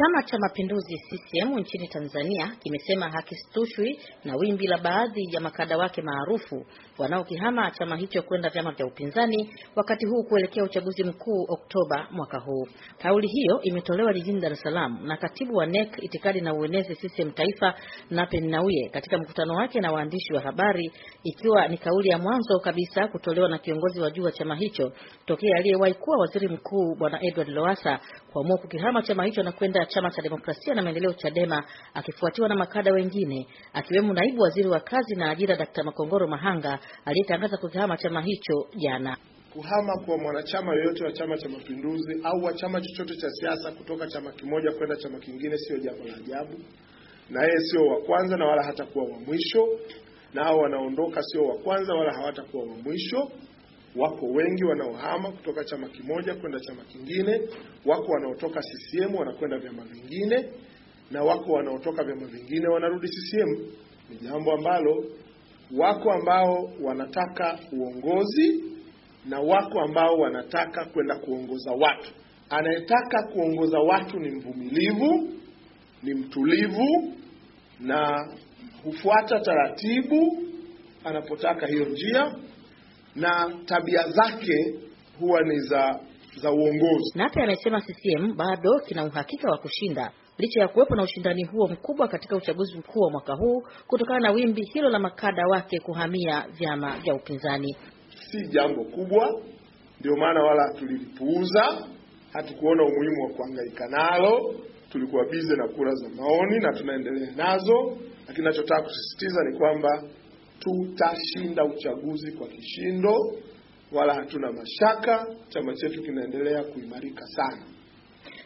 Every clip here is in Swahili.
Chama cha Mapinduzi CCM nchini Tanzania kimesema hakistushwi na wimbi la baadhi ya makada wake maarufu wanaokihama chama hicho kwenda vyama vya upinzani wakati huu kuelekea uchaguzi mkuu Oktoba mwaka huu. Kauli hiyo imetolewa jijini Dar es Salaam na katibu wa NEC itikadi na uenezi CCM Taifa, Napen Nnauye katika mkutano wake na waandishi wa habari, ikiwa ni kauli ya mwanzo kabisa kutolewa na kiongozi wa juu wa chama hicho tokea aliyewahi kuwa waziri mkuu Bwana Edward Lowassa kuamua kukihama chama hicho na kwenda chama cha demokrasia na maendeleo Chadema, akifuatiwa na makada wengine akiwemo naibu waziri wa kazi na ajira Dr. Makongoro Mahanga aliyetangaza kukihama chama hicho jana. Kuhama kwa mwanachama yoyote wa Chama cha Mapinduzi au wa chama chochote cha siasa kutoka chama kimoja kwenda chama kingine sio jambo la ajabu, na yeye sio wa kwanza na wala hatakuwa wa mwisho, na hao wanaondoka sio wa kwanza wala hawatakuwa wa mwisho. Wako wengi wanaohama kutoka chama kimoja kwenda chama kingine, wako wanaotoka CCM wanakwenda vyama vingine, na wako wanaotoka vyama vingine wanarudi CCM. Ni jambo ambalo, wako ambao wanataka uongozi na wako ambao wanataka kwenda kuongoza watu. Anayetaka kuongoza watu ni mvumilivu, ni mtulivu na hufuata taratibu anapotaka hiyo njia na tabia zake huwa ni za za uongozi. Nape amesema CCM bado kina uhakika wa kushinda licha ya kuwepo na ushindani huo mkubwa katika uchaguzi mkuu wa mwaka huu kutokana na wimbi hilo la makada wake kuhamia vyama vya upinzani. Si jambo kubwa, ndio maana wala tulilipuuza, hatukuona umuhimu wa kuhangaika nalo. Tulikuwa bize na kura za maoni na tunaendelea nazo, lakini nachotaka kusisitiza ni kwamba tutashinda uchaguzi kwa kishindo, wala hatuna mashaka. Chama chetu kinaendelea kuimarika sana.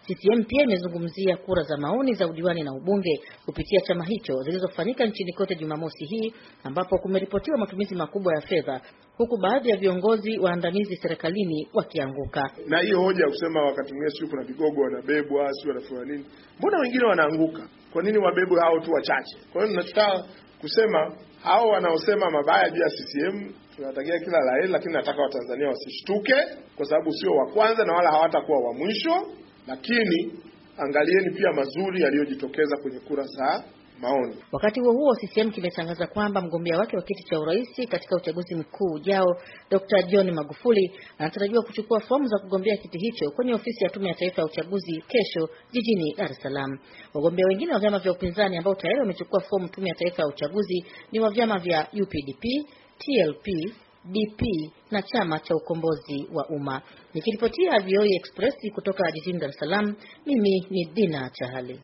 CCM pia imezungumzia kura za maoni za udiwani na ubunge kupitia chama hicho zilizofanyika nchini kote Jumamosi hii ambapo kumeripotiwa matumizi makubwa ya fedha huku baadhi ya viongozi waandamizi serikalini wakianguka. Na hiyo hoja ya kusema wakati mwingine sio kuna vigogo wanabebwa, sio wanafanya nini, mbona wengine wanaanguka? Kwa nini wabebwe hao tu wachache? Kwa hiyo tunataka kusema hao wanaosema mabaya juu ya CCM tunatakia kila la heri, lakini nataka Watanzania wasishtuke, kwa sababu sio wa kwanza na wala hawatakuwa wa mwisho. Lakini angalieni pia mazuri yaliyojitokeza kwenye kura za maoni. Wakati huo huo, CCM kimetangaza kwamba mgombea wake wa kiti cha urais katika uchaguzi mkuu ujao Dr. John Magufuli anatarajiwa kuchukua fomu za kugombea kiti hicho kwenye ofisi ya Tume ya Taifa ya Uchaguzi kesho jijini Dar es Salaam. Wagombea wengine wa vyama vya upinzani ambao tayari wamechukua fomu Tume ya Taifa ya Uchaguzi ni wa vyama vya UPDP, TLP, DP na Chama cha Ukombozi wa Umma. Nikiripotia VOA e Express kutoka jijini Dar es Salaam, mimi ni Dina Chahali.